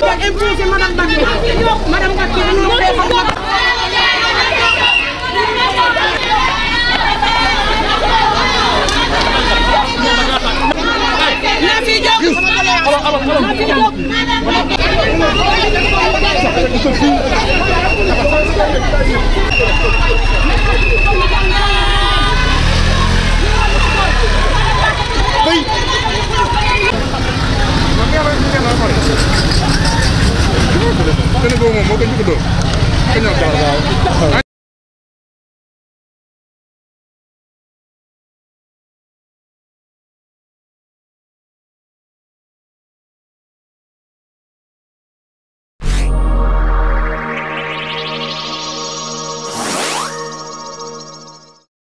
nga imposé madame Mbacke madame Mbacke dañoo koy xam Thank you. moom moo ko njëkk a dóor.